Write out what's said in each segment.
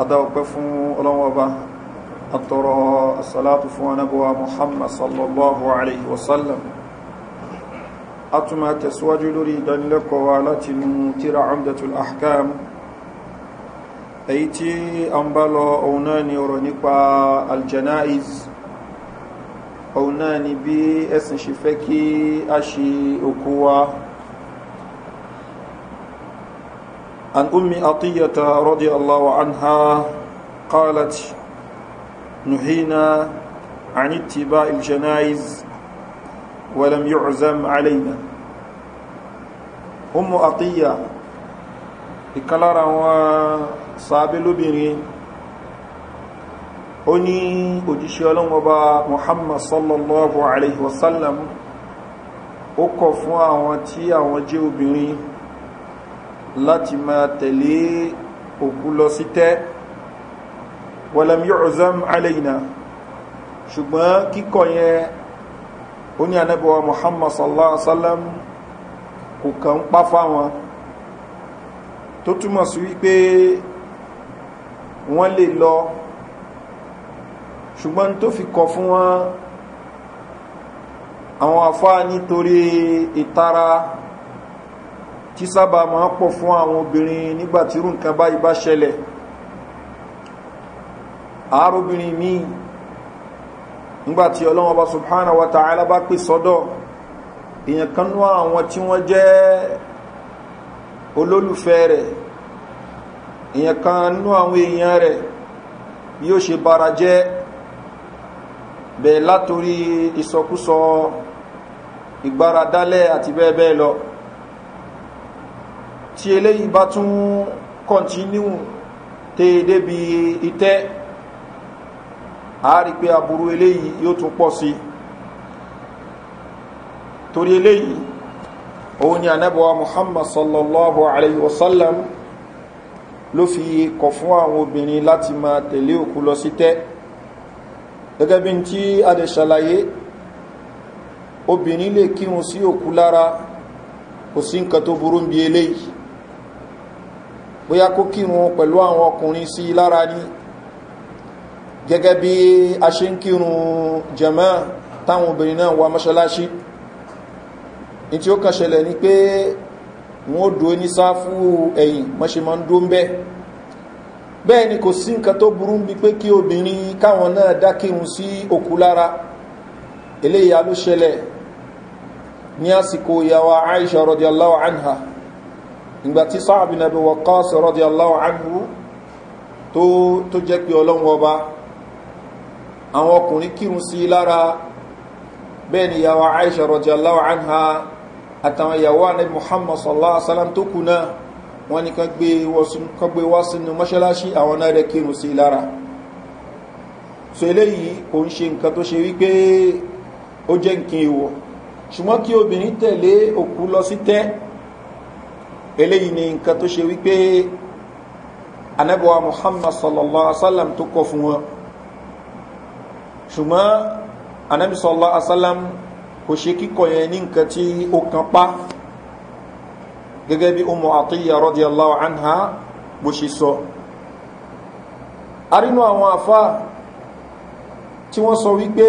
adáwọ̀pẹ́ fún ọlọ́wọ́ba àtọrọ asalatu fún anábọ̀wà muhammad sallallahu alaihi wasallam a tún máa tẹ̀síwájú lórí ìdánilẹ́kọ̀ọ́wà láti nú tíra amdatul ahkam èyí tí a ń bá lọ òun ni ọ̀rọ̀ nípa aljanaiz òun ni bí ẹ̀sìn ṣe fẹ́ kí a ṣe òkú wa عن أم عطية رضي الله عنها قالت نهينا عن اتباع الجنائز ولم يعزم علينا أم عطية ìkálára wọn sàábé lóbìnrin ó ní òjíṣẹ́ ọlọ́wọ́ba muhammad sallallahu alaihi wasallam ó kọ̀ fún àwọn tí àwọn jẹ́ obìnrin láti máa tẹ̀lé òkú lọ sí tẹ́ wọ́lẹ̀m yóò zam alẹ́yìnà ṣùgbọ́n kíkọ yẹn ó ní anábíwa muhammad sallallahu alaihi wasallam kò kàn ń pa fáwọn tó túmọ̀ sí wípé wọ́n lè lọ ṣùgbọ́n tó fi kọ fún wọn àwọn àfáà nítorí ìtara tí sábà máa pọ̀ fún àwọn obìnrin nígbàtí irú nǹkan báyìí bá ṣẹlẹ̀ àárobìnrin míì nígbàtí ọlọ́wọ́ bá subhanahu wa ta'ala bá pè sọ́dọ̀ èèyàn kan nú àwọn tí wọ́n jẹ́ olólùfẹ́ rẹ̀ èèyàn kan nú àwọn èèyàn rẹ̀ bí ó ṣe bara jẹ́ bẹ̀ẹ̀ látorí ìsọkúsọ ìgbáradálẹ̀ àti bẹ́ẹ̀ bẹ́ẹ̀ lọ tí eléyìí bá tún kọntínú tèèdé bí ìtẹ́ àárí pé aburú eléyìí yóò tún pọ̀ sí torí eléyìí òun ni anẹ́bọ̀wà muhammad sallallahu alayhi wasallam ló fi kọ̀ fún àwọn obìnrin láti máa tẹ̀lé òkú lọ sí tẹ́ gẹ́gẹ́ bí tí a dẹ̀ ṣàlàyé obìnrin lè kírun sí òkú lára kò sí nǹkan tó burú ń bí eléyìí bóyá kó kírun pẹ̀lú àwọn ọkùnrin sí lára ní gẹ́gẹ́ bí a ṣe ń kírun jẹ̀mọ́ táwọn obìnrin náà wà mọ́ṣálásí ní tí ó kàn ṣẹlẹ̀ ní pé wọ́n ó ní sáfú ẹ̀yìn mọ́ṣe mọ́ ń dó ń bẹ́ bẹ́ẹ̀ ni kò sí nǹkan tó burú ń bí pé kí obìnrin káwọn náà dákírun sí òkú lára eléyà ló ṣẹlẹ̀ ní àsìkò ìyàwó aisha rọ̀díaláwà anha ìgbàtí sáàbì nàbí wọ́kọ́ sọ̀rọ̀ di aláwọ̀ ánú tó jẹ́ pé ọlọ́run ọba àwọn ọkùnrin kírun sí lára bẹ́ẹ̀ ni yàwó aisha rọ̀jẹ̀ aláwọ̀ ánha àtàwọn yàwó anabi muhammad sallallahu alaihi wasallam tó kù náà wọ́n ni kan gbé wá sínú mọ́ṣáláṣí àwọn náà rẹ̀ kírun sí lára so eléyìí ni nǹkan tó ṣe wípé anabuwa muhammad sallallahu alaihi wasallam tó kọ fún wọn ṣùgbọ́n anabi sallallahu alaihi wasallam kò ṣe kíkọ yẹn ní nǹkan tí ó kan pa gẹ́gẹ́ bí umu atiyya radiyallahu anha bó ṣe sọ arínú àwọn afá tí wọ́n sọ wípé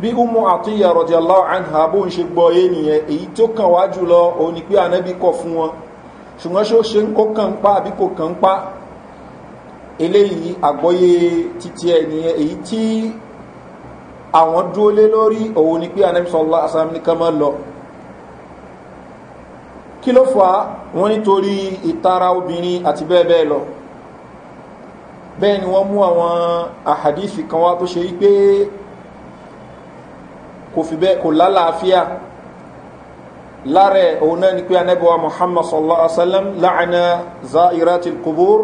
bí umu àtúnyà rọ̀díàláwà àìhà bó ń ṣe gbọ́ ènìyàn èyí tó kàn wá jùlọ òun ni pé ànábì kọ̀ fún wọn ṣùgbọ́n ṣó ṣe ń kó kàn ń pa àbí kò kàn ń pa eléyìí àgbọ́yé títí ẹniyàn èyí tí àwọn dúó lé lórí òun ni pé ànábì sọ́lá asámìnìkan mọ́ lọ kí ló fà wọ́n nítorí ìtara obìnrin àti bẹ́ẹ̀ bẹ́ẹ̀ lọ bẹ́ẹ̀ ni wọ́n mú àwọn àhàdífì kan wá tó ṣe wípé kò fi bẹ́ẹ̀ kò lálàáfíà lára ẹ̀ òun náà ni pé anábíwá muhammad sallallahu alaihi wasallam láàánà zairatil kubur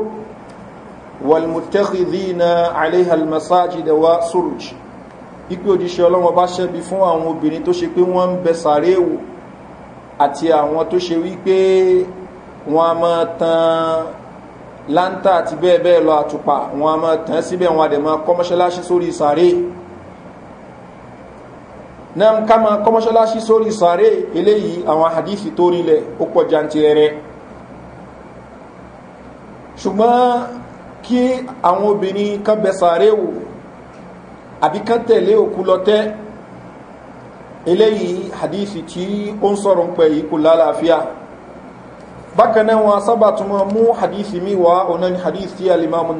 walmutakhidina alaiha almasajid wa suruj ipe òjíṣẹ́ ọlọ́wọ́ bá ṣẹ́bi fún àwọn obìnrin tó ṣe pé wọ́n ń bẹ sàréèwò àti àwọn tó ṣe wípé wọ́n a máa tan láńtà àti bẹ́ẹ̀ bẹ́ẹ̀ lọ àtùpà wọ́n a máa tàn síbẹ̀ wọ́n a dẹ̀ sórí sàréè náà ká máa kọ́ mọ́ṣáláṣí sórí sàárè eléyìí àwọn hadithi tó rílẹ̀ ó pọ̀ jantirẹrẹ ṣùgbọ́n kí àwọn obìnrin kan bẹ sàárè wò àbí kan tẹ̀lé òkú lọ́tẹ́ eléyìí hadithi tí ó ń sọ̀rọ̀ ń pẹ̀ yìí kò lálàáfíà sábà tún mọ́ mú mi wá ọ̀nà ni hadithi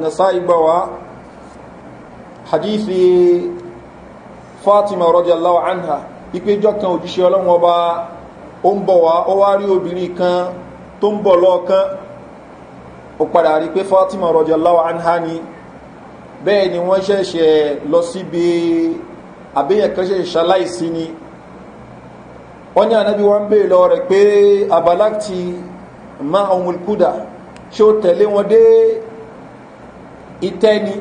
nasa igba wa hadithi fatima rọ́díaláwà anha ìpéjọ́ kan òjíṣẹ́ ọlọ́run ọba ó ń bọ̀ wá ó wá kan tó ń bọ ó padà rí pé fatima rọ́díaláwà anha ni bẹ́ẹ̀ ni wọ́n ṣẹ̀ṣẹ̀ lọ síbi àbẹ́yẹn kan ṣẹ̀ṣẹ̀ ṣaláìsí ni wọn ní anábí wọn ń bèèrè lọ rẹ̀ pé abalakti ma ọmọlùkúdà ṣé ó tẹ̀lé wọn dé ìtẹ́ni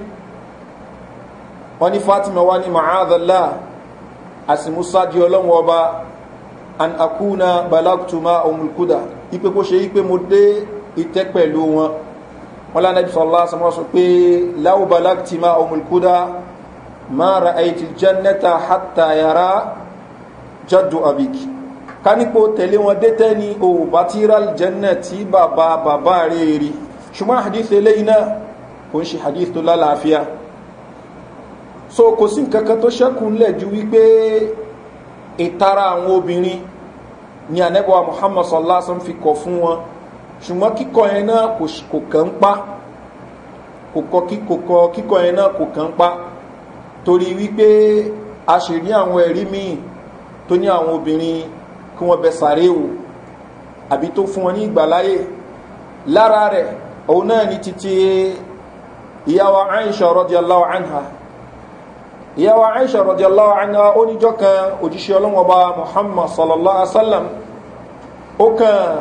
wọ́n ní fatima wá ní ma'adala asimusa di ọlọ́run ọba an akuna balagtuma omulkuda ipe kó ṣe ipe mo dé ìtẹ́ pẹ̀lú wọn wọ́n lá nàbí sọ́lá sọmọ́ sọ pé láwù balagtuma omulkuda ma ra aiti jannata hatta yara jaddu abik ká nípo tẹ̀lé wọn dé tẹ́ ni o batiral jannati bàbá bàbá rèé rí ṣùgbọ́n hadith eléyìí náà kò ń ṣe hadith tó lálàáfíà so kò sí nǹkan kan tó ṣẹ́kù ńlẹ̀ ju wípé ìtara àwọn obìnrin ni ànẹ́bọ̀wà muhammad sallásán fi kọ̀ fún wọn ṣùgbọ́n kíkọ yẹn náà kò kàn ń pa kíkọ yẹn náà kò kàn ń pa torí wípé a ṣe rí àwọn ẹ̀rí míì tó ní àwọn obìnrin kí wọ́n bẹ sàárè wò àbí tó fún wọn ní ìgbàláyè lára rẹ̀ òun náà ni titi ìyáwó aisha rọ́díọ́láwọ̀ anha wa aisha rọ̀díọ̀láwà àná oníjọ́ kan òjíṣẹ́ ọlọ́wọ́ba muhammad sallallahu alaihi wasallam ó kàn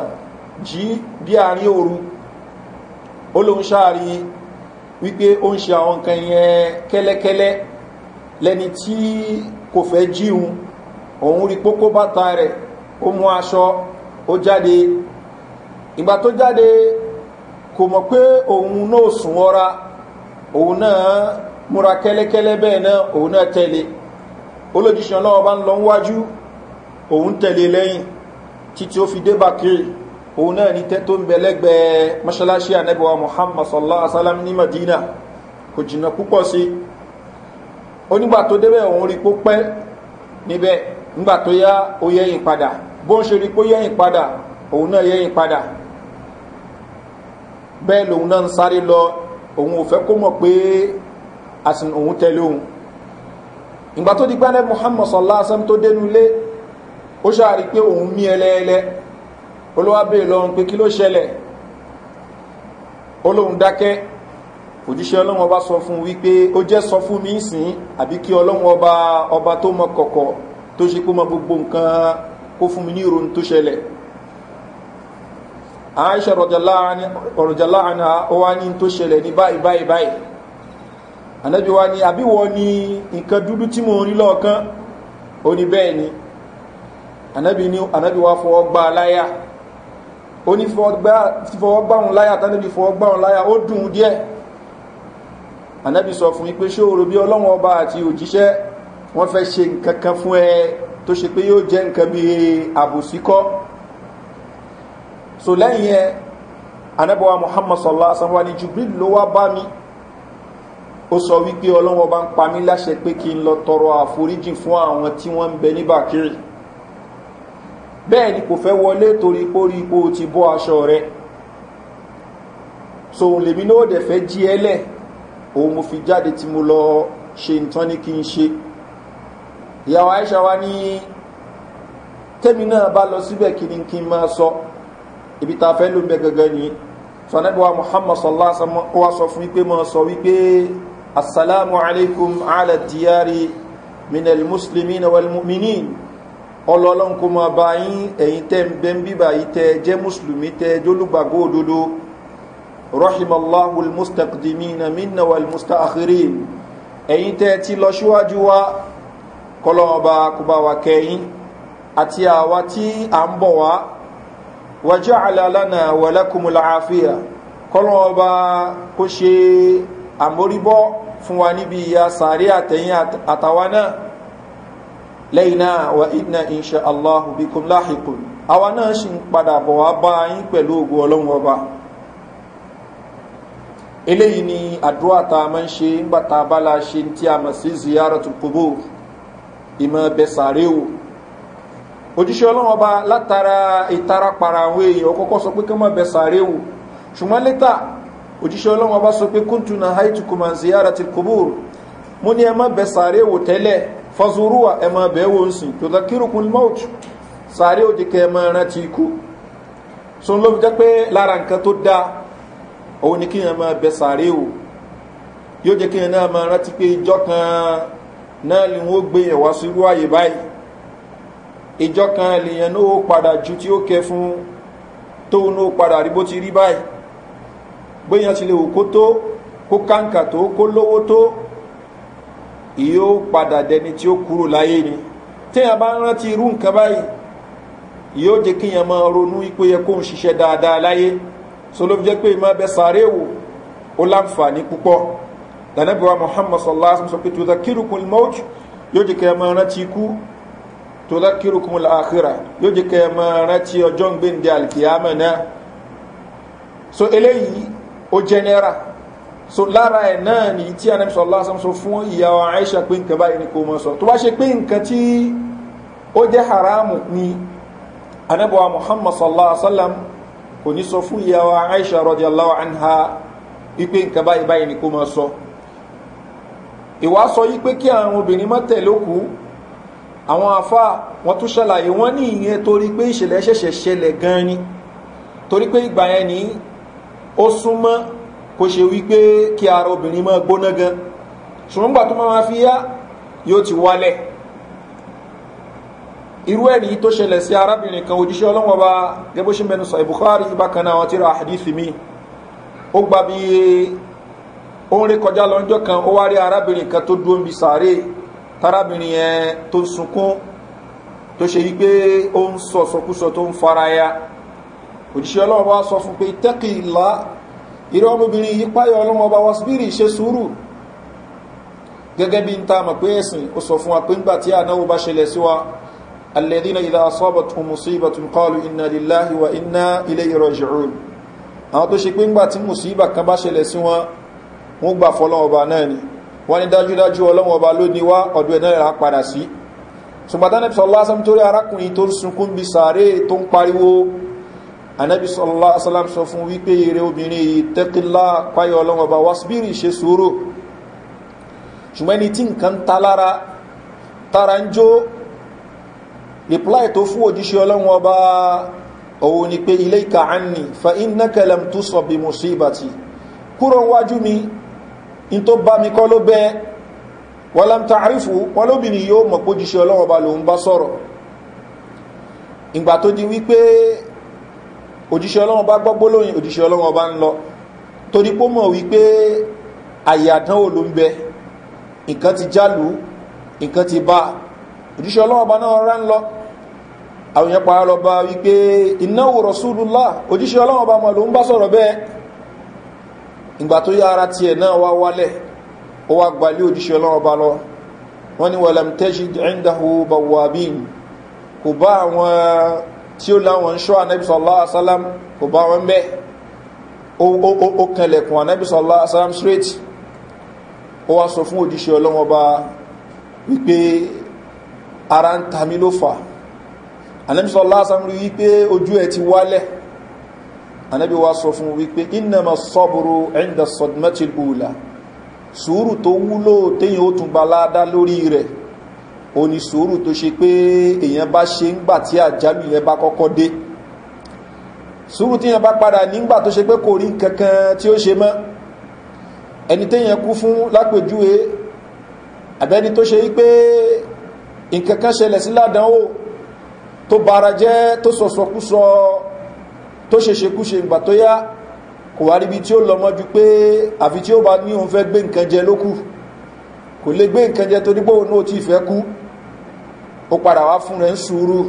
ji bí àárín òru ó lóun ṣáàrí wípé ó ń ṣe àwọn nǹkan yẹn kẹ́lẹ́kẹ́lẹ́ lẹni tí kò fẹ́ jíun òun rí pókó bàtà rẹ̀ ó mú aṣọ ó jáde ìgbà tó jáde kò mọ̀ pé òun náà sùn òun náà múra kẹ́lẹ́kẹ́lẹ́ bẹ́ẹ̀ náà òun náà tẹ̀lé olójíṣẹ́ ọlọ́wọ́ bá ń lọ wájú òun tẹ̀lé lẹ́yìn títí ó fi dé bakiri òun náà ní tẹ́ tó ń bẹ̀lẹ́gbẹ̀ẹ́ mọ́ṣálásí ànẹ́bọ̀wà muhammad sallallahu alaihi wasallam ní madina kò jìnà púpọ̀ sí onígbà tó débẹ̀ òun rí pó pẹ́ níbẹ̀ nígbà tó yá ó yẹ́yìn padà bó ń òun ò fẹ́ kó mọ̀ pé àsìn òun tẹ̀lé òun ìgbà tó di gbáná muhammad sallallahu alaihi wasallam tó dénú ilé ó ṣàrí pé òun mí ẹlẹ́ẹlẹ́ olówábẹ̀ lọ́run pé kí ló ṣẹlẹ̀ olóhun dákẹ́ òjíṣẹ́ ọlọ́run ọba sọ fún wípé ó jẹ́ sọ fún mi sìn àbí kí ọlọ́run ọba ọba tó mọ kọ̀kọ̀ tó ṣe pé mọ gbogbo nǹkan kó fún mi ní ìròyìn tó ṣẹlẹ̀ àìṣẹ́ rọ̀jàláàánà ó wá ní tó ṣẹlẹ̀ ní báyìí báyìí báyìí ànábì wa ni àbí wọ́n ni nǹkan dúdú tí mo rí lọ́ọ̀kan ó ní bẹ́ẹ̀ ni ànábì wa fọwọ́ gbá láyà ó ní fọwọ́ gbáhùn láyà tánábì fọwọ́ gbáhùn láyà ó dùn díẹ̀ ànábì sọ fún ipé ṣé orò bí ọlọ́wọ́n ọba àti òjíṣẹ́ wọ́n fẹ́ ṣe nkankan fún ẹ tó ṣe pé yóò jẹ́ nkan bí àbòsíkọ́ so lẹ́yìn ẹ anábọ̀wá muhammad sallallahu alaihi ni jubril ló wá bá mi ó sọ wípé ọlọ́wọ́ bá ń pa mí láṣẹ pé kí n lọ tọrọ àforíjì fún àwọn tí wọ́n ń bẹ ní bàkírì bẹ́ẹ̀ ni kò fẹ́ wọlé torí pórí ipò ti bọ́ aṣọ rẹ̀ so òun lèmi náà dẹ̀ fẹ́ jí ẹlẹ̀ òun mo fi jáde tí mo lọ ṣe nǹkan ní kí n ṣe ìyàwó aisha wa ní tẹ́mi náà bá lọ síbẹ̀ kí ni kí n máa sọ ibi ta fẹ́ ló ń bẹ gẹ́gẹ́ ni sọ̀nẹ́bí wa muhammad sallallahu alaihi wa sọ fún wípé máa sọ wípé السلام عليكم على diyari من المسلمين walmuminin ọlọ́lọ́n kó máa bá yín ẹ̀yin tẹ́ ń bẹ́ ń bíbà yìí tẹ́ jẹ́ mùsùlùmí tẹ́ jólúgbàgbó òdodo rahimallahu almustaqdimina minna walmustaakhirin ẹ̀yin tẹ́ ti lọ síwájú wa kọlọ́ọ̀ba kúbáwa kẹ́yìn àti àwa tí à ń bọ̀ wá wàjá àlàlánà wàlákùnmùlà àfíà kọlọ́ọ̀ba kó ṣe àmóríbọ́ fuwani bi ya sariya ta atawa na. laina wa ina insha Allah bikum lahiqun awa shin shi bo wa ba yin pelu ogo olohun oba eleyi ni adua ta man se ngba ta bala se nti a ma si ziyaratul qubur ima be sariwo ojise olohun latara itara para awon eyan o kokoso ma be sariwo ṣùgbọ́n òjíṣẹ́ ọlọ́wọ́ bá sọ pé kúntùnà haitukuman ziyara ti kubur mú ní ẹmọ́ bẹ sàárè wò tẹ́lẹ̀ fọ́sùrúwà ẹmọ́ bẹ wò ń sìn tó zakirukun mọ́ọ̀tù sàárè ò jẹ́kẹ́ ẹmọ́ ẹran ti ikú so ló fi jẹ́ pé lára nǹkan tó dáa òun ni kí ẹmọ́ bẹ sàárè wò yóò jẹ́ kí ẹmọ́ ẹran ti pé ìjọ kan náà ni wọ́n gbé yẹn sí irú àyè báyìí ìjọ kan lèèyàn náà ó padà ju tí ó kẹ fún tóun náà padà rí bó ti rí báyìí gbéyàn ti lè òkó tó kó káǹkà tó kó lówó tó yóò padà dẹni tí ó kúrò láyé ni téèyàn bá ń rántí irú nǹkan báyìí yóò jẹ́ kíyàn máa ronú ipò yẹ kó ń ṣiṣẹ́ dáadáa láyé so pé ìmọ̀ ẹbẹ̀ sàárè wò ó láǹfààní púpọ̀ dànàbíwá muhammad sallallahu alaihi wasallam sọ pé tòdà kírùkùn mọ́j yóò jẹ́ kíyàn máa rántí ikú tòdà kírùkùn àkírà yóò jẹ́ kíyàn máa rántí ọjọ́ ń gbé ǹdẹ alkiyama náà so eléyìí ó jẹ́nẹ́ra so lára ẹ̀ náà ní tí anabi sọ lásán sọ fún ìyá wa aisha pé nǹkan báyìí ni kò mọ sọ tó bá ṣe pé nǹkan tí ó jẹ́ haramu ni anabi wa muhammad sallallahu alaihi wa sallam kò ní sọ fún ìyá wa aisha radiyallahu anha ipe nǹkan báyìí ó súnmọ́ kó ṣe wípé kí ara obìnrin máa gbóná gan ṣùgbọ́n gbà tó máa fi yá yóò ti wálẹ̀ irú ẹ̀rí tó ṣẹlẹ̀ sí arábìnrin kan òjíṣẹ́ ọlọ́wọ́ bá gẹ́gbó ṣe mẹ́nu sọ ìbùkárì ìbákaná àwọn tíra àdífì mi ó gba bí ó ń rí kọjá lọ́njọ́ kan ó wá rí arábìnrin kan tó dúró ń sàárè tárábìnrin yẹn tó ń sunkún tó ṣe wípé ó ń sọ tó ń fara ya òjíṣẹ́ ọlọ́run wá sọ fún pé tẹ́kì ìlà ìrẹ́ ọmọbìnrin yí páyọ̀ ọlọ́run ọba wá síbírì ṣe sùúrù gẹ́gẹ́ bí n ta mọ̀ pé ẹ̀sìn ó sọ fún wa pé ńgbà tí ànáwó bá ṣẹlẹ̀ sí wa alẹ́dínà ìlà asọ́bọ̀tún musíbàtún kọlu iná líláhì wa iná ilé ìrọ̀jìrún àwọn tó ṣe pé ńgbà tí musíbà kan bá arákùnrin tó ń sunkún bí sàárè tó ń pariwo anabi sọlọ́lá asálàm sọ fún wípé eré obìnrin yìí tẹ́kílá páyọ̀ ọlọ́wọ́ bá wasbiri ṣe sóró ṣùgbọ́n ni tí nǹkan ta lára tara ń jó reply tó fún òjíṣẹ́ ọlọ́wọ́ bá òun ni pé ilé anni fa iná kẹlẹ̀m tó sọ bí mo sí mi in tó bá mi kọ́ ló bẹ́ wọ́lám tààrífù wọ́n lóbìnrin yóò mọ̀ pójíṣẹ́ ọlọ́wọ́ bá lòun bá sọ̀rọ̀ ìgbà tó di wípé òjíṣẹ́ ọlọ́run bá gbọ́gbó lóyìn òjíṣẹ́ ọlọ́run ọba ń lọ torí pó mọ̀ wípé àyè àdánwò ló ń bẹ nǹkan ti jálù nǹkan ti bá òjíṣẹ́ ọlọ́run ọba náà rán lọ àwọn èèyàn pàá lọ bá wípé ìnáwó rọ̀súlùlá òjíṣẹ́ ọlọ́run ọba mọ̀ ló ń bá sọ̀rọ̀ bẹ́ẹ̀ ìgbà tó yá ara tiẹ̀ náà wá wálẹ̀ ó wá gbalé òjíṣẹ́ ọlọ́run ọba lọ wọ́n ni wàlàm tẹ́ṣì ẹ̀ńdàhù bàwàbín kò bá àwọn tí ó láwọn ń ṣọ́ anabi sallallahu alaihi wasallam kò bá wọn bẹ́ẹ̀ ó kẹlẹ̀kùn anabi sallallahu alaihi wasallam straight ó wá sọ fún òjíṣẹ́ ọlọ́mọba wípé ara ń ta mí ló fà anabi sallallahu alaihi wasallam rí wípé ojú ẹ̀ ti wálẹ̀ anabi wa sọ fún wípé innama sọ́bùrù inda sọdmẹ́tìl ula sùúrù tó wúlò téyàn ó tún gbalada lórí rẹ̀ òní sùúrù tó ṣe pé èèyàn bá ṣe ńgbà tí àjálù yẹn bá kọ́kọ́ dé sùúrù tí yẹn bá padà nígbà tó ṣe pé kò rí kankan tí ó ṣe mọ́ ẹni tí yẹn kú fún lápèjúwe àbẹ́ni tó ṣe wípé nkankan ṣẹlẹ̀ sí ládánwò tó bára jẹ́ tó sọ̀sọ̀kúsọ tó ṣeṣekúṣe ìgbà tó yá kò wá ríbi tí ó lọ ju pé àfi tí ó bá ní òun fẹ́ gbé nkan jẹ lókù kò lè gbé nkan jẹ torí pé náà ti fẹ́ kú ó padà wá fún rẹ̀ ń sùúrù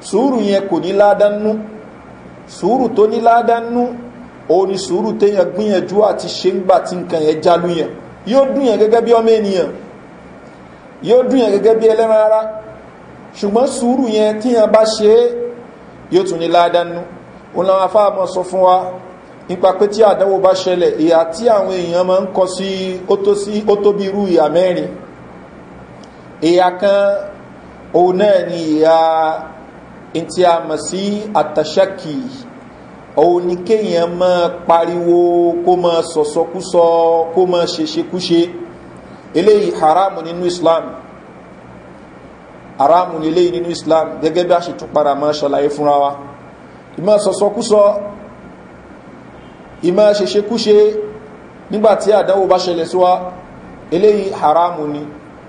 sùúrù yẹn kò ní ládánú sùúrù tó ní ládánú òun ni sùúrù téèyàn gbìyànjú àti ṣe ń gbà tí nǹkan yẹn jálú yẹn yóò dùn yẹn gẹ́gẹ́ bí ọmọ ènìyàn yóò dùn yẹn gẹ́gẹ́ bí ẹlẹ́ran ara ṣùgbọ́n sùúrù yẹn tíyàn bá ṣe é yóò tún ní ládánú òun làwọn afáàmọ́ sọ fún wa nípa pé tí àdánwò bá ṣẹlẹ̀ ìyà tí àwọn èèyàn máa ń kọ sí ó tó bí irú ìyà mẹ́rin ìyà kan òun ya ni ìyá atashaki, a mọ̀ sí àtàṣákì òun ni kéèyàn mọ́ pariwo kó mọ́ sọ̀sọ́kúsọ kó mọ́ ṣeṣekúṣe eléyìí haramu nínú islam haramu eléyìí nínú islam gẹ́gẹ́ bí a ṣe tún padà mọ́ ṣàlàyé fúnra wa ìmọ̀ sọ̀sọ́kúsọ ìmọ̀ ṣeṣekúṣe nígbàtí àdánwò bá ṣẹlẹ̀ sí wa eléyìí haramu ni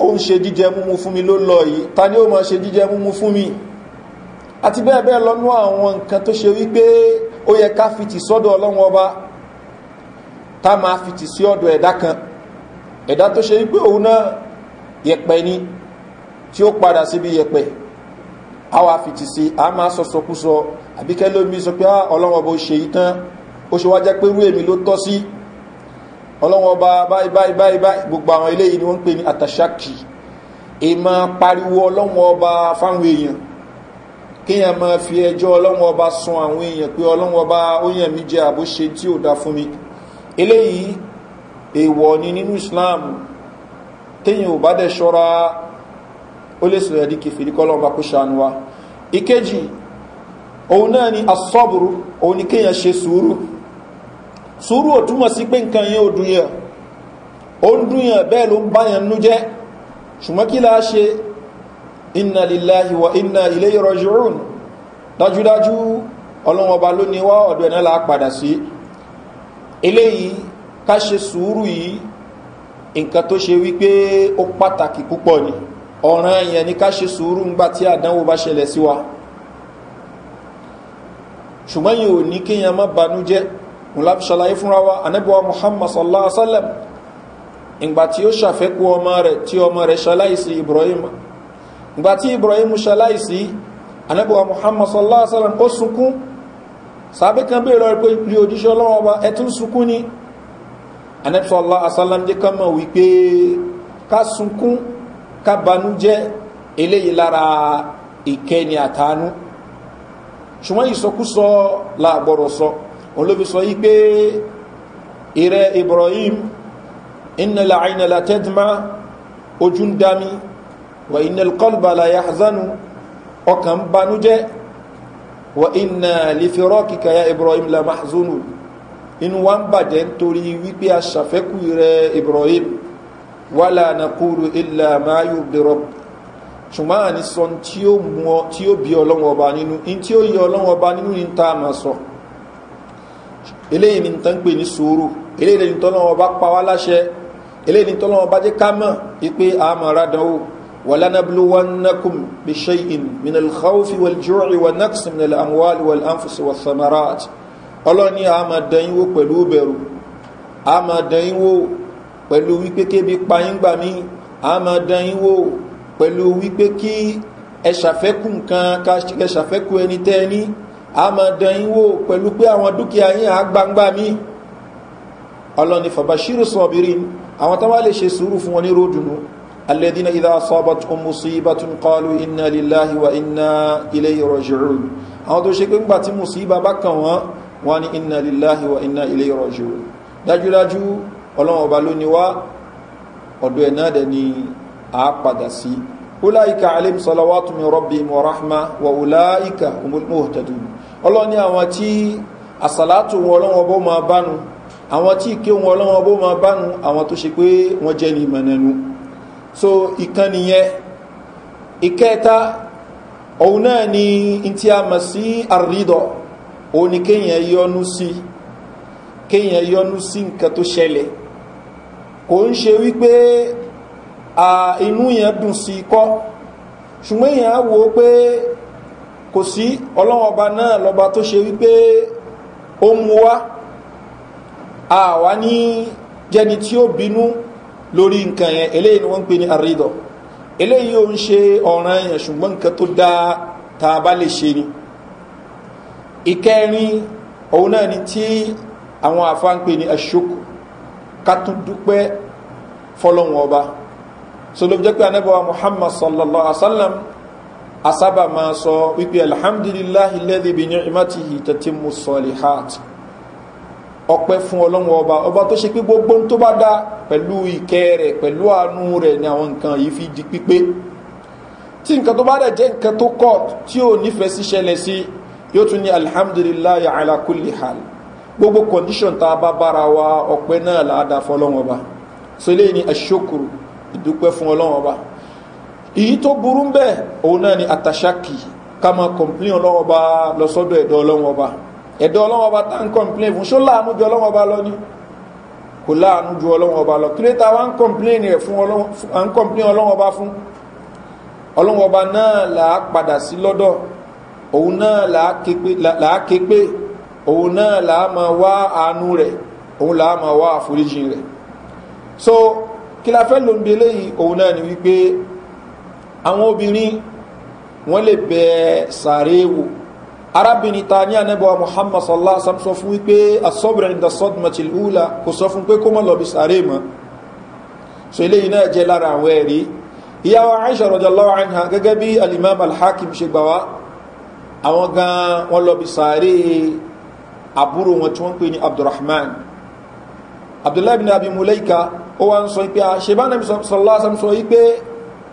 ó ń ṣe jíjẹ múmú fún mi ló lọ yìí ta ni ó ma ṣe jíjẹ múmú fún mi àti bẹ́ẹ̀ bẹ́ẹ̀ lọ́nú àwọn nǹkan tó ṣe wípé ó yẹ ká fi tì sọ́dọ̀ ọlọ́run ọba tá máa fi tì sí ọ̀dọ̀ ẹ̀dá kan ẹ̀dá tó ṣe wípé òun náà yẹpẹ ni tí ó padà síbi yẹpẹ a wá fi tì sí a máa sọ àbíkẹ́ lómi sọ pé ah, ọlọ́run ọba ó ṣe yìí tán ó ṣe wá jẹ́ pé rú èmi ló tọ́ sí si ọlọ́wọ́n ọba báyìí báyìí báyìí báyìí gbogbo àwọn eléyìí ni wọ́n ń pè ní àtàṣàkì èèmọ̀ pariwo ọlọ́wọ́n ọba fáwọn èèyàn kéèyàn máa fi ẹjọ́ ọlọ́wọ́n ọba sun àwọn èèyàn pé ọlọ́wọ́n ọba ó yàn mí jẹ àbóṣe tí ò dá fún mi eléyìí èèwọ̀ ni nínú islam téèyàn ò bá dẹ̀ ṣọ́ra ó lè sọ̀rọ̀ ẹ̀dí kìfìrí kọ́lọ́ọ̀bá kó ṣàánú wa ìkejì òun náà ni asọ́bùrú òun ni kéèyàn ṣe sùúrù sùúrù ò túmọ̀ sí pé nǹkan yẹn ò dùnyàn ó ń dùnyàn bẹ́ẹ̀ ló ń báyàn nú jẹ́ ṣùgbọ́n kí láá ṣe iná líláhi wa iná ilé ìrọ̀jùrùn dájúdájú ọlọ́wọ́n ọba ló ní wá ọ̀dọ̀ ẹ̀ náà láà padà sí eléyìí ká ṣe sùúrù yìí nǹkan tó ṣe wípé ó pàtàkì púpọ̀ ni ọ̀ràn èèyàn ní ṣùgbọ́n yìí ò ní kéèyàn má banú jẹ́ òun láti ṣàlàyé fúnra wa anábíwá muhammad sallallahu alaihi wasallam ìgbà tí ó ṣàfẹ́kù ọmọ rẹ̀ tí ọmọ rẹ̀ ṣaláìsí ibrahim ìgbà tí ibrahim ṣaláìsí anábíwá muhammad sallallahu alaihi wasallam ó sunkún sàbẹ́ kan bèèrè rẹ̀ pé rí òjíṣẹ́ ọlọ́wọ́ ọba ẹtún sunkún ní anẹ́bísọ́lá asálàmdé kan mọ̀ wípé ká sunkún olóbi sọ yí pé ìrẹ ibrahim ìnàlà àìnàlà tẹ́tìmá ojú ń dami wà ìnàlà kọlbàlà yahzanu ọkàn ń banújẹ́ wà ìnà lèfèrọ́ kíkà ya ibrahim la mahzunu inú wa ń bàjẹ́ nítorí wípé a ṣàfẹ́kù ìrẹ ibrahim wàlà nàkúrú ìlà máa yóò dẹ̀rọ̀ ṣùgbọ́n àní sọ tí ó bí ọlọ́wọ́ ọba nínú in tí ó yẹ ọlọ́wọ́ ọba nínú ní ta máa sọ eléyìí ni tán pè ní sùúrù eléyìí ni tọ́lọ́wọ́ bá pa wá láṣẹ eléyìí ni tọ́lọ́wọ́ bá jẹ́ ká mọ̀ wípé àmọ̀ra dánwò ولنبلونكم بشيء من الخوف والجوع والنقص من الأموال والأنفس والثمرات ọlọ́run ní a máa dán yíwó pẹ̀lú bẹ̀rù a máa dán yíwó pẹ̀lú wípé kébi payíngbà mí a máa dán pẹ̀lú wípé kí ẹ̀ṣàfẹ́kù nǹkan ẹ̀ṣàfẹ́kù ẹni tẹ́ ẹni a máa dán yín wò pẹ̀lú pé àwọn dúkìá yín á gbangba mi ọlọ́ni fàbàṣírù sọ̀bìrín àwọn tó wá lè ṣe sùúrù fún wọn ní ròdùnú alẹ́dínà ìdá sọ́bọ̀tù musibatun kọlu iná líláhi wa iná ilé ìrọ̀jìrù àwọn tó ṣe pé ńgbà tí musiba bá kàn wọ́n wọ́n ní iná wa iná ilé ìrọ̀jìrù dájúdájú ọlọ́run ọba ló ní wá ọ̀dọ̀ ẹ̀ náà ni a padà sí. ulaika alim salawatu min rabbihim wa rahma wa ulaika umul muhtadun ọlọ́ni àwọn tí àsàlátù wọn ọlọ́wọ́ bó máa bánu àwọn tí ìké wọn ọlọ́wọ́ bó máa bánu àwọn tó ṣe pé wọ́n jẹ́ ní ìmọ̀nẹ̀nu so ìkan nìyẹn ìkẹta òun ni tí a mọ̀ sí àrídọ̀ òun ni kéèyàn yọnu sí kéèyàn sí nǹkan tó ṣẹlẹ̀ kò ń ṣe wípé inú yẹn dùn sí kọ́ ṣùgbọ́n èèyàn á wò pé kò sí ọlọ́wọ́n ọba náà lọ́ba tó ṣe wípé ó mú wá àwa ní jẹni tí ó bínú lórí nǹkan yẹn eléyìí ni wọ́n ń pè ní àrídọ̀ eléyìí ò ń ṣe ọ̀ràn yẹn ṣùgbọ́n nǹkan tó dáa tá bá lè ṣe ni ìkẹrin òun náà ni tí àwọn àfa ń pè ní aṣọ́kù ká tún dúpẹ́ fọlọ́wọ́n ọba so pé anábọ́wá muhammad sallallahu alaihi wa sallam asábà máa sọ wípé alhamdulillahi lẹ́dí bí ní ìmáti tàtí mú sọlì hàt ọpẹ́ fún ọlọ́run ọba ọba tó ṣe pé gbogbo tó bá dá pẹ̀lú ìkẹ́ rẹ̀ pẹ̀lú àánú rẹ̀ ni àwọn nǹkan yìí fi di pípé tí nǹkan tó bá dẹ̀ jẹ́ nǹkan tó kọ̀ tí ò nífẹ̀ẹ́ sí ṣẹlẹ̀ sí yóò tún ní alhamdulillahi alakulli hal gbogbo condition tá a bá bára wa ọpẹ́ náà láàdá fọlọ́run ọba so eléyìí ni aṣokùrù ìdúpẹ́ fún ọlọ́run ọba èyí tó burú ń bẹ́ẹ̀ òun náà ni àtàṣákì ká máa kọ̀m̀plín ọlọ́wọ́ bá lọ sọ́dọ̀ ẹ̀dọ́ ọlọ́wọ́ bá ẹ̀dọ́ ọlọ́wọ́ bá tá ń kọ̀m̀plín fún ṣó láàánú ju ọlọ́wọ́ bá lọ ní kò láàánú ju ọlọ́wọ́ bá lọ kílé táwa ń kọ̀m̀plín rẹ̀ fún à ń kọ̀m̀plín ọlọ́wọ́ bá fún ọlọ́wọ́ bá náà là á padà sí lọ́dọ̀ òun náà là á òun náà là máa wá àánú rẹ̀ òun là máa wá àforíjì rẹ̀ so kí la fẹ́ lóun bí eléyìí òun náà ni wípé àwọn obìnrin wọ́n lè bẹ sàréwò arábìnrin ta ní anẹ́bọ̀ muhammad sallallahu alaihi wasallam sọ fún wípé asọ́bìnrin da sọ́dmọ̀tìl hula kò sọ fún pé kó mọ́ lọ́bí sàré mọ́ so ilé iná jẹ́ lára àwọn ẹ̀rí ìyáwó aisha rọjọ́lọ́wọ́ àìhàn gẹ́gẹ́ bí alimam alhakim ṣe gbà wá àwọn gan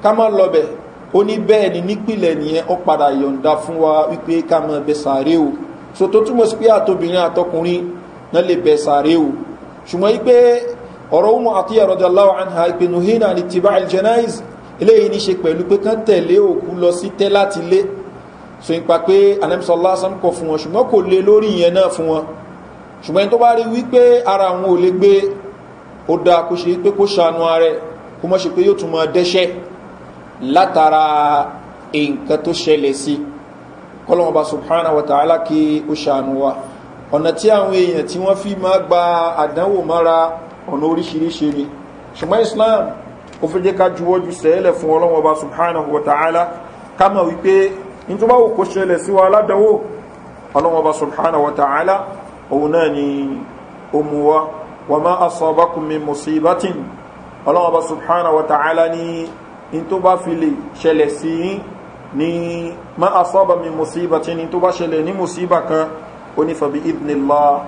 Kama má lọbẹ̀ ó ní bẹ́ẹ̀ ni nípìnlẹ̀ nìyẹn ó padà yọ̀ǹda fún wa wípé ká má bẹ sàárè o so tó túmọ̀ sí pé àtobìnrin àtọkùnrin na lè bẹ sàárè o ṣùgbọ́n wípé ọ̀rọ̀ umu àti ẹ̀rọ̀dà láwọn àǹhà ìpinnu hínà ní tìbá aljanais eléyìí ní ṣe pẹ̀lú pé kán tẹ̀lé òkú lọ sí tẹ́ láti lé so ipa pé anẹ́mísọ lásán kọ fún wọn ṣùgbọ́n kò lè lórí ìyẹn náà fún wọn ṣùgbọ́n ẹni tó bá rí wípé ara àwọn ò lè gbé ó dáa kó ṣe pé kó ṣàánú ara ẹ̀ kó mọ́ ṣe pé yóò tún máa dẹ́ṣẹ́ látara nǹkan tó ṣẹlẹ̀ sí kọ́lọ́mọba subhana wa ta'ala kí ó ṣàánú wa ọ̀nà tí àwọn èèyàn tí wọ́n fi máa gba àdánwò mára ọ̀nà oríṣiríṣi ni ṣùgbọ́n islam ó fẹ́ jẹ́ ká juwọ́jú sẹ́ẹ̀lẹ̀ fún ọlọ́mọba subhana wa ta'ala ká mọ̀ wípé nítorí báwo kò ṣẹlẹ̀ sí wa aládánwò ọlọ́mọba subhana wa ta'ala òun náà ni ó mú wa wọ́n máa asọ̀bákùnmi musibatin ọlọ́mọba subhana wa ta'ala ni in tó bá fi lè ṣẹlẹ̀ sí ní ma asọ́bà mi musíba tí ni tó bá ṣẹlẹ̀ ní musíba kan ó ní fàbí ìdínlá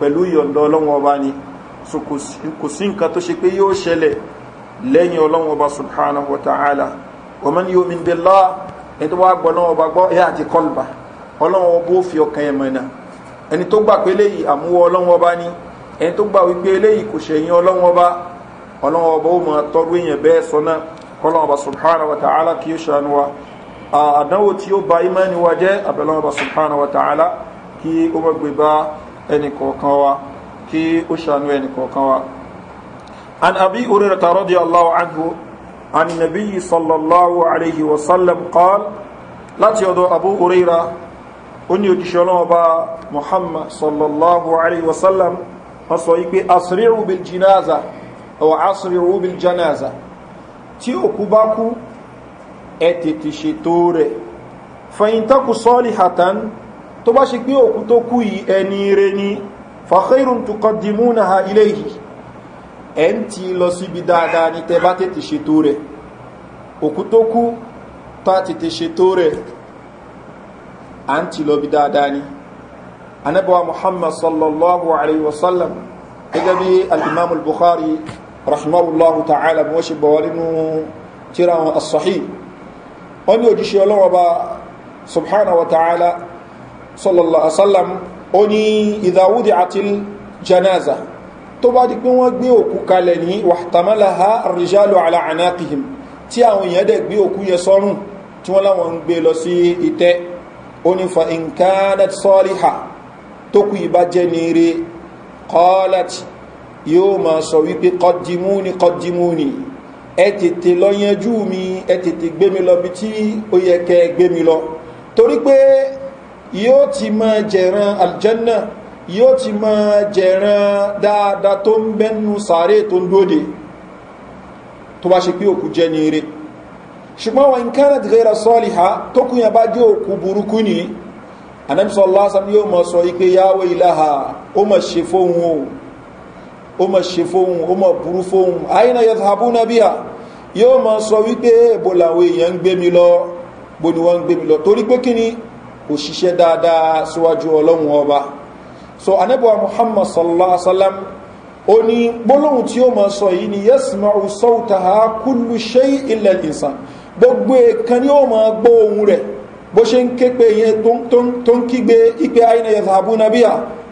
pẹ̀lú yọ̀ndọ̀ ọlọ́wọ́ ọba ni so kò sí nǹkan tó ṣe pé yóò ṣẹlẹ̀ lẹ́yìn ọlọ́wọ́ ọba wa ta'ala ọmọ ni omi bẹ̀lá ẹni tó wá gbọ́ ọlọ́wọ́ ọba gbọ́ ẹ̀ àti kọlùbà ọlọ́wọ́ ọba ó fi ọkàn ẹ̀mọ̀ náà ẹni tó gbà pé léyìí àmúwọ ọlọ́wọ́ ọba ni wípé léyìí kò ṣẹ̀yìn ọlọ́wọ́ ọba ọlọ́wọ́ ọba ó mọ tọ́rú èèyàn bẹ́ẹ̀ sọ náà kọ́lọ́mọba subhanahu wa ta'ala kí ó ṣàánú wa àdánwò tí ó ba imani wa jẹ́ abẹ́lọ́mọba subhanahu wa ta'ala kí ó mọ́ gbé bá ẹnì kọ̀ọ̀kan wa kí ó ṣàánú ẹnì kọ̀ọ̀kan wa an abi urira radiyallahu anhu an nabiyyi sallallahu alayhi wa sallam qala láti ọ̀dọ̀ abu urira ó ní òjíṣẹ́ ọlọ́mọba muhammad sallallahu alayhi wa sallam wọ́n sọ yí pé janaza tí òkú bá kú ẹ tètè ṣètò rẹ̀ fẹ̀yìntàkù sọ́ọ̀lì hàtàn tó bá ṣe pé òkú tó kú yìí ẹni ire ni fàkírùn tó kọ́ dìmú na ha ilé yìí ẹ ń ti lọ síbi dáadáa ní tẹ bá tètè ṣètò rẹ̀ òkú tó kú tá tètè ṣètò rẹ̀ à ń ti lọ bí dáadáa ni anabawa muhammad sallallahu alaihi wasallam gẹ́gẹ́ bí al-imam rahimahullahu ta'ala bí wọ́n ṣe bọ̀wọ́ nínú tíra wọn asọ̀hí wọ́n ní òjíṣẹ́ ọlọ́wọ́ bá subhanahu wa ta'ala sallallahu alaihi wasallam ó ní ìdáwúdí àti janaza tó bá di pé wọ́n gbé òkú kalẹ̀ ní wàtàmálàhá ríjálù aláàánákìhìm tí àwọn èèyàn dẹ̀ gbé òkú yẹ sọ́rùn tí wọ́n láwọn ń gbé lọ sí ìtẹ́ ó ní fa nkanat sọ́ríhà tó kú ìbá ní rí kọ́lát yóò ma sọ wípé kọdímúni kọdímúni ẹ tètè lọ yanjú mi ẹ tètè gbé mi lọ bí tí ó yẹ kẹ gbé mi lọ torí pé yóò ti ma jẹran aljanna yóò ti ma jẹran dáadáa tó ń bẹnu sàárè tó ń dóde tó bá ṣe pé òkú jẹ́ ní eré ṣùgbọ́n wọn kánà ti gẹ́ra sọ́lìhá tó kúnyà bá jẹ́ òkú burúkú ni anamsọ lásán yóò mọ̀ sọ ipé yáwó ìlàhà ó mọ̀ ṣe fóhun ohun ó mọ̀ ṣe fóhun ó mọ̀ burú fóhun àyínà yẹ tàbú náà bí à yóò mọ̀ sọ wípé èbò eh, làwọn èèyàn ń gbé mi lọ bó ni wọ́n ń gbé mi lọ torí pé kí ni kò ṣiṣẹ́ dáadáa síwájú ọlọ́run ọba so anábọ̀wá muhammad sallallahu alaihi wa sallam ó ní gbólóhùn tí ó mọ̀ sọ yìí ni yẹ́sìmáwù sọ́ọ̀tà ha kúlù ṣe ilẹ̀ ìsàn gbogbo èèkan ni ó mọ̀ gbọ́ ohun rẹ̀ bó ṣe ń ké pé yẹn tó ń kígbe ipe àyínà yẹ tàbú náà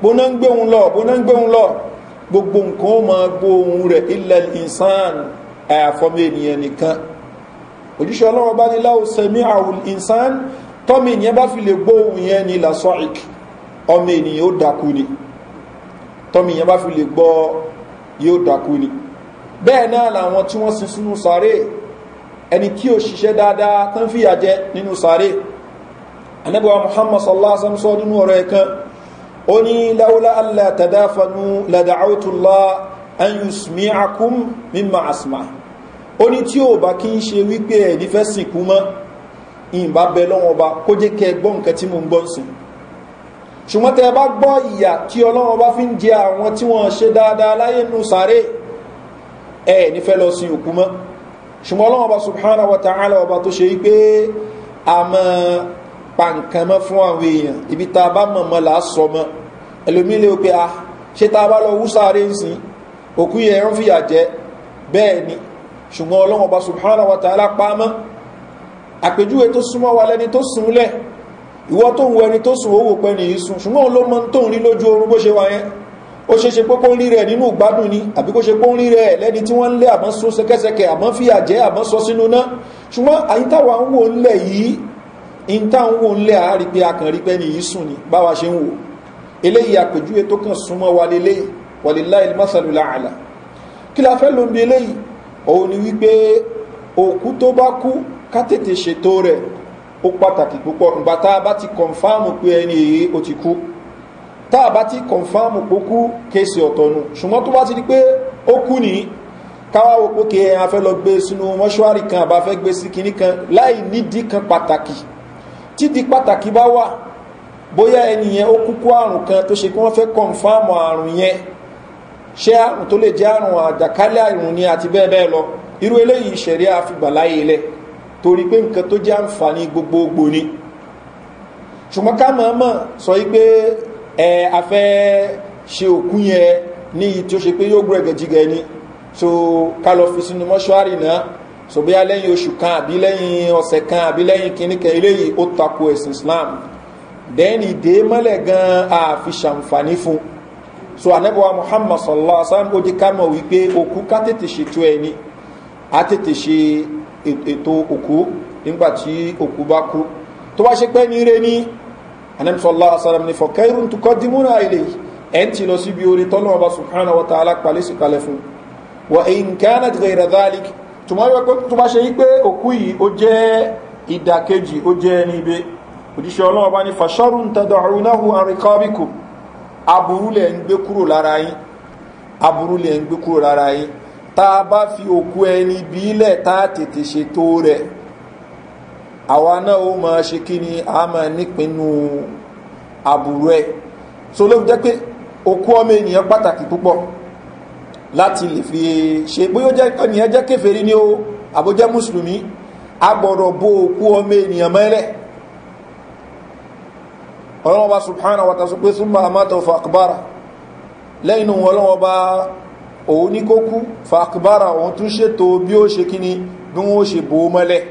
bó náà ń gbé òun lọ bó náà ń gbé òun lọ gbogbo nǹkan ó máa gbó ohun rẹ̀ ilẹ̀ ìsán àyàfọ́mọ ènìyàn nìkan òjíṣẹ́ ọlọ́run bá ní láwọ sẹ́mi àwùl ìsán tọ́mì ìyẹn bá fi lè gbó ohun yẹn ní lasọ́ìk ọmọ ènìyàn ó dákú ni tọ́mì ìyẹn bá fi lè gbọ́ yóò dákú ni bẹ́ẹ̀ náà làwọn tí wọ́n sin sínú sáré ẹni kí o ṣiṣẹ́ dáadáa tán fìyà jẹ nínú sáré anábẹ́wà muhammad sallallahu alaihi ọ̀rọ̀ ẹ̀kan ó ní láwọ́lá allah tàdáfanú ladàáwótúlá anyusmi akum mímọ̀ asma ó ní tí ó bá kí ń ṣe wípé ẹ̀ nífẹ́ sìnkú mọ́ ìbá bẹ lọ́wọ́ bá kó jẹ́ kẹ gbọ́ nǹkan tí mo ń gbọ́ sìn ṣùgbọ́n tẹ bá gbọ́ ìyà tí ọlọ́wọ́ bá fi ń jẹ àwọn tí wọ́n ṣe dáadáa láyé nù sáré ẹ̀ nífẹ́ lọ sin òkú mọ́ ṣùgbọ́n ọlọ́wọ́ bá subhana wa ta'ala ọba tó ṣe wípé a mọ pàǹkan fún àwọn èèyàn ibi tá a bá mọ̀ mọ́ là mọ́ ẹlòmíì lè pe a ah, ṣé tá a bá lọ wúsàárẹ̀ ń sìn òkú yẹn ń fìyà jẹ bẹ́ẹ̀ ni ṣùgbọ́n ọlọ́wọ́n bá subhanahu wa ta'ala pamọ́ àpèjúwe tó súnmọ́ wa lẹni tó súnlẹ̀ ìwọ́ tó ń wọ ẹni tó sùn owó pẹ́ nìyí sùn ṣùgbọ́n ló mọ́ tó ń rí lójú oorun bó ṣe wá yẹn ó ṣe ṣe pé kó ni àbí kó ṣe kó ṣùgbọ́n àyíntàwà ni báwa ṣe eléyìí àpèjúwe tó kàn súnmọ́ wa lélé wàlélá ilmásàlù làálà kí la fẹ́ ló ń bi eléyìí òun ni wípé òkú tó bá kú ká tètè ṣètò rẹ̀ ó pàtàkì púpọ̀ ìgbà tá a bá ti kọ̀nfàmù pé ẹni èyí ó ti kú tá a bá ti kọ̀nfàmù pé ó kú kéèsì ọ̀tọ̀nu ṣùgbọ́n tó bá ti di pé ó kú ní káwá wo pé kí ẹran afẹ́ lọ gbé sínú mọ́ṣúárì kan àbáfẹ́ gbé sí kinní kan láì nídìí kan pàtàkì tídìí pàtàkì bá wà bóyá ẹnìyẹn ó kúkú àrùn kan tó ṣe kí wọ́n fẹ́ kọ̀nfàmù àrùn yẹn ṣé àrùn tó lè jẹ́ àrùn àjàkálẹ̀ àrùn ni àti bẹ́ẹ̀ bẹ́ẹ̀ lọ irú eléyìí ìṣẹ̀rí àfigbàláyé lẹ̀ torí pé nǹkan tó jẹ́ àǹfààní gbogbogbò ni ṣùgbọ́n ká mọ̀ mọ̀ sọ wípé ẹ afẹ́ ṣe òkú yẹn ní iyì tí ṣe pé yóò gbọ́ ẹ̀gẹ̀jìgẹ̀ ni so ká lọ fi sínú mọ́ṣúárì náà so bóyá lẹ́yìn oṣù kan àbí lẹ́yìn ọ̀sẹ̀ kan àbí lẹ́yìn kìnnìkan eléyìí ó takò ẹ̀sìn islam dẹ́ni ìdè mọ́lẹ̀ gan àfi ṣàǹfàní fún so anabiwa muhammad sallallahu alaihi wasallam ó di ká mọ̀ wípé òkú ká tètè ṣètò ẹ̀ ni a tètè ṣe ètò òkú nígbà tí òkú bá kú tó bá ṣe pẹ́ ní ire ní anabi sallallahu alaihi wasallam ní fọkẹ́rù tó kọ́ dímúra ilé ẹ̀ ń ti lọ síbi orí tọ́lọ́ ọba subhanahu wa ta'ala palẹ̀ sí kalẹ̀ fún wa in kanat ghayra dhalik tó bá ṣe yí pé òkú yìí ó jẹ́ ìdàkejì ó jẹ́ níbi òjíṣẹ́ ọlọ́wọ́ bá ní fàṣọ́rù ń tẹ́dọ̀ ọ̀rúnáhù àríkọ́bíkù aburulẹ̀ ń gbé kúrò lára yín aburulẹ̀ ń gbé kúrò lára yín tá a bá fi òkú ẹni bílẹ̀ tá a tètè ṣètò rẹ̀ àwa náà ó máa ṣe kí ni a máa nípinnu aburú ẹ̀ so ló jẹ́ pé òkú ọmọ ènìyàn pàtàkì púpọ̀ láti lè fi ṣe bóyá ènìyàn jẹ́ kéferí ni ó àbójẹ́ mùsùlùmí a gbọ́dọ̀ òkú ọmọ ènìyàn mẹ́lẹ̀ ọlọ́wọ́ bá subhana wa tasu pé súnmọ́ àmátọ̀ fa akbara lẹ́yìn ọlọ́wọ́ bá òun ní kókú fa akbara òun tún ṣètò bí ó ṣe kíni bí wọ́n ṣe bò mọ́lẹ̀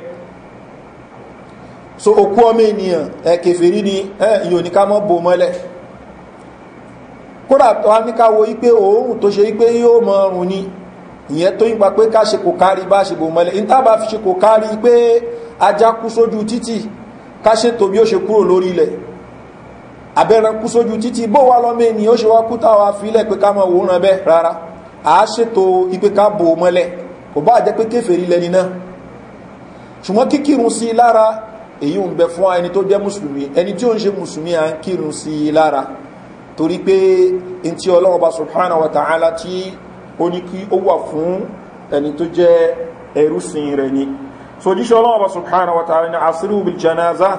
so òkú ọmọ ènìyàn ẹ ni ẹ yóò ní mọ́lẹ̀ ká ṣètò bí ó ṣe kúrò lórí ilẹ̀ abẹ́ran kú sójú títí bó wà lọ́mọ ènìyàn ó ṣe wá kú táwa filẹ̀ pé ká máa wòran bẹ́ẹ̀ rárá à á ṣètò ipe ká bò mọ́lẹ̀ kò bá jẹ́ pé kéfèrí lẹni náà ṣùgbọ́n kíkírun sí lára èyí ń bẹ fún ẹni tó jẹ́ mùsùlùmí ẹni tí ó ń ṣe mùsùlùmí à ń kírun sí lára torí pé n tí ọlọ́run bá subhana wa ta'ala tí ó ní kí ó wà fún ẹni tó jẹ́ ẹrú rẹ̀ ni so jíṣẹ́ ọlọ́run bá subhana wa ta'ala ni asiru janaza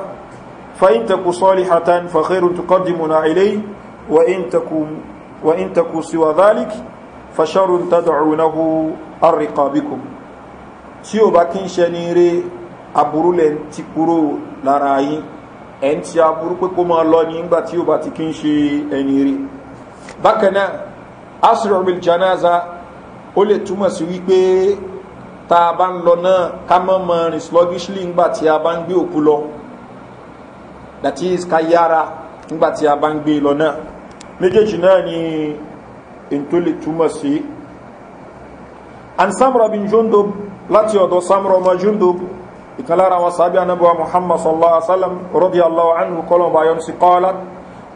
فإن تكو صالحة فخير تقدمنا إليه وإن تكو, وإن تكو سوى ذلك فشر تدعونه الرقى بكم tí ó bá kí ń ṣe ní eré aburú lẹ ti kúrò lára yín ẹ̀ ń ti aburú pé kó máa lọ ní ìgbà tí ó bá ti kí ń ṣe ẹni eré bákanáà asirọ̀bìl janaza ó lè túmọ̀ sí wípé tá a bá ń lọ náà ká mọ́ mọ́ rìn sluggishly ńgbà tí a bá ń gbé òkú lọ that is ká yára nígbà tí a bá ń gbé lọ náà méjèèjì náà ni n tó lè túmọ̀ sí an samra bin jundub láti ọ̀dọ̀ samra ọmọ jundub ìkan lára wọn sábẹ́ anábọ̀ muhammad sallallahu alaihi wasallam rọ́bí allahu anhu kọlọ̀ bayan sí kọ́lá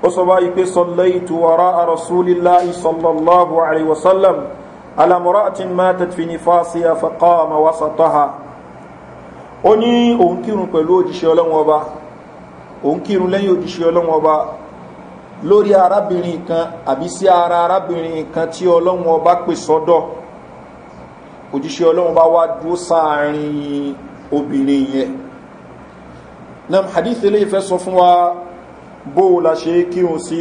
ó sọ bá ipé sọlọ́ ìtuwara a rasulillahi sallallahu alaihi wasallam alamura'atin matat fi nifasiya faqama wasataha ó ní òun kírun pẹ̀lú òjíṣẹ́ ọlọ́wọ́ ọba òun kírun lẹ́yìn òjíṣẹ́ ọlọ́run ọba lórí arábìnrin kan àbí sí ara arábìnrin kan tí ọlọ́run ọba pè sọ́dọ̀ òjíṣẹ́ ọlọ́run bá wá dúó sáàrin obìnrin yẹn nam hadith ilé ìfẹ́ sọ fún wa bó o la ṣe kírun sí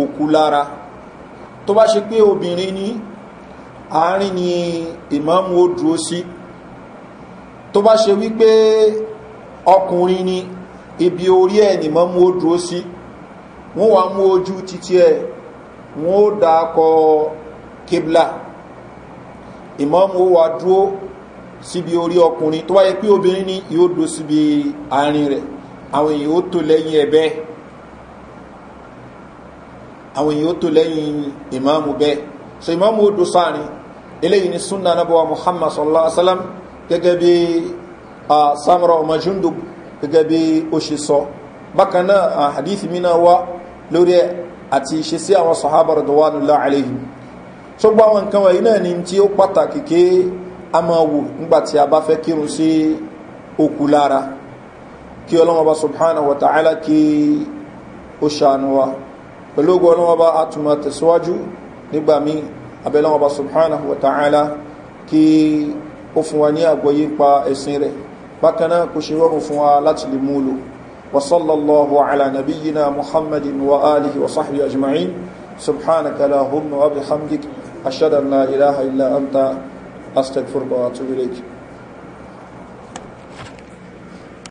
òkú lára tó bá ṣe pé obìnrin ní àárín ni ìmọ̀mú ó dúó sí tó bá ṣe wípé ọkùnrin ni ibi orí ẹ̀ ni mọ́ mú ó dúró sí wọ́n wá mú ojú títí ẹ̀ wọ́n ó dákọ kébìlà ìmọ́mú ó wá dúró síbi orí ọkùnrin tó wáyé pé obìnrin ni yóò dúró síbi àárín rẹ̀ àwọn èèyàn ó tó lẹ́yìn ẹ̀ bẹ́ẹ̀ àwọn èèyàn ó tó lẹ́yìn ìmọ́mú bẹ́ẹ̀ so ìmọ́mú ó dúró sáàrin eléyìí ni sunna anabawa muhammad sallallahu alaihi wa sallam gẹ́gẹ́ bí samara ọmọ jundub gẹ́gẹ́ bí ó ṣe sọ bákan náà àhàdíìsì mìíràn wá lórí ẹ̀ àti ṣe sí àwọn sọ̀hábà rọ̀dọ̀wánulá àlẹ́yìn ṣọ́gbọ́ àwọn nǹkan wọ̀nyí náà ni tí ó pàtàkì ké a máa wò nígbàtí a bá fẹ́ kírun sí òkú lára kí ọlọ́mọba subhanahu wa ta'ala kí ó ṣàánú wa pẹ̀lú ogun ọlọ́mọba àtùmọ̀ tẹ̀síwájú nígbà mí abẹ́lọ́mọba subhanahu wa ta'ala kí ó fún wa ní àgbọ́yé pa ẹ̀sìn rẹ̀ bákanáà kò ṣe rọrùn fún wa láti lè múlò wasallallahu ala nabiyyina muhammadin wa alihi wa sahbihi ajma'in subhanaka la humna ashhadu an la ilaha illa anta astaghfiruka wa atubu ilayk